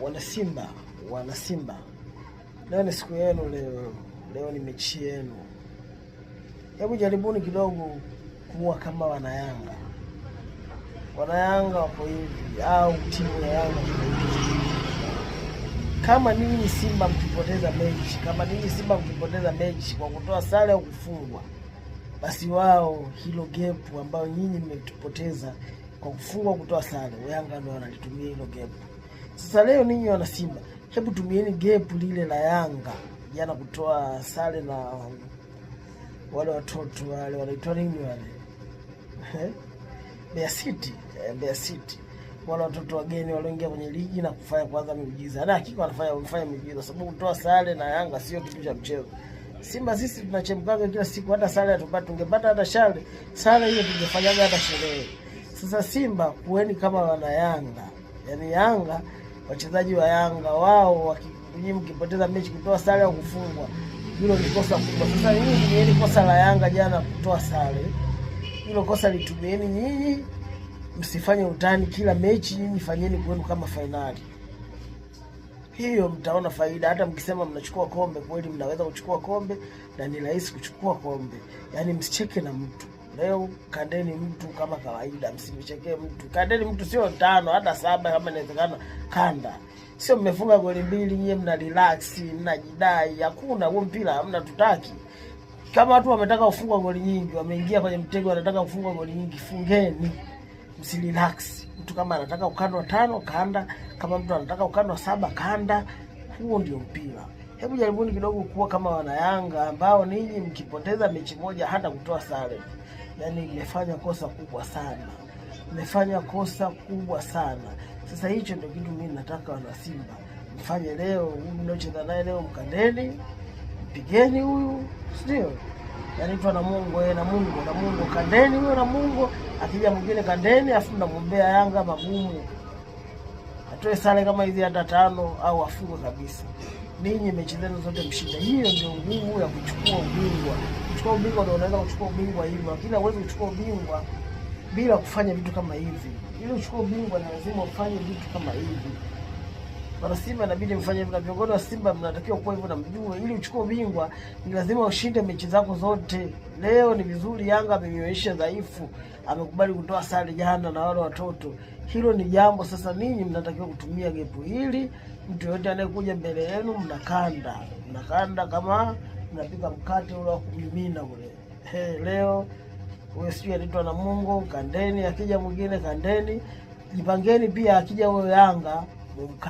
Wanasimba, wanasimba, leo ni siku yenu, leo leo ni mechi yenu. Hebu jaribuni kidogo kuwa kama wanayanga. Wanayanga wapo hivi au timu ya Yanga kama ninyi Simba mkipoteza mechi, kama ninyi Simba mkipoteza mechi kwa kutoa sare au kufungwa, basi wao hilo gepu ambayo nyinyi mmetupoteza kwa kufungwa, kutoa sare, Yanga ndio wanalitumia hilo gepu. Sasa leo ninyi wana Simba, hebu tumieni gap lile la Yanga jana kutoa sare na wale watoto wale wanaitwa nini wale Mbeya City, eh, Mbeya City, wale watoto wageni walioingia kwenye ligi na kufanya kwanza miujiza, na hakika wanafanya wanafanya miujiza, sababu kutoa sare na Yanga sio kitu cha mchezo. Simba sisi tunachemkaga kila siku, hata sare hatupati. Tungepata hata shale sare hiyo tungefanyaga hata sherehe. Sasa Simba kueni kama wana Yanga, yaani Yanga wachezaji wa Yanga wao wenyewe, mkipoteza mechi kutoa sare au kufungwa, hilo ni kosa kubwa. Sasa nyinyi ni kosa la Yanga jana kutoa sare, hilo kosa litumieni nyinyi, msifanye utani kila mechi, nyinyi fanyeni kwenu kama fainali hiyo mtaona faida. Hata mkisema mnachukua kombe, kweli mnaweza kuchukua kombe na ni rahisi kuchukua kombe, yaani msicheke na mtu. Leo kandeni mtu kama kawaida, msimchekee mtu. Kandeni mtu sio tano hata saba kama inawezekana, kanda sio mmefunga goli mbili, nyie mna relax, mnajidai. Hakuna huo mpira, hamna tutaki. Kama watu wametaka kufunga goli nyingi, wameingia kwenye mtego, wanataka kufunga goli nyingi, fungeni, msirelax. Mtu kama anataka ukandwa wa tano, kanda. Kama mtu anataka ukanda wa saba, kanda. Huo ndio mpira. Hebu jaribuni kidogo kuwa kama wanayanga ambao ninyi mkipoteza mechi moja hata kutoa sare, yaani mmefanya kosa kubwa sana, mmefanya kosa kubwa sana. Sasa hicho ndio kitu mimi nataka wana Simba mfanye leo. Huyu mnaocheza naye leo, mkandeni, mpigeni huyu, sindio? Yaani tu Mungu eh, na na Mungu, kandeni huyo Namungo, akija mwingine kandeni, afu mnamwombea Yanga magumu, atoe sare kama hizi hata tano au afungwe kabisa ninyi mechi zenu zote mshinda. Hiyo ndio nguvu ya kuchukua ubingwa. Kuchukua ubingwa ndio unaweza kuchukua ubingwa hivyo, lakini hauwezi kuchukua ubingwa bila kufanya vitu kama hivi. Ili uchukue ubingwa, ni lazima ufanye vitu kama hivi. Wana Simba inabidi mfanye hivyo, na viongozi wa Simba mnatakiwa kuwa hivyo na mjue, ili uchukue ubingwa ni lazima ushinde mechi zako zote. Leo ni vizuri Yanga amemyoesha dhaifu, amekubali kutoa sare jana na wale watoto. Hilo ni jambo sasa, ninyi mnatakiwa kutumia gepu hili. Mtu yoyote anayekuja mbele yenu mnakanda, mnakanda kama mnapika mkate ule wa kumimina ule. Hey, leo wewe sio anaitwa na Mungu, kandeni. Akija mwingine kandeni, jipangeni pia. Akija huyo Yanga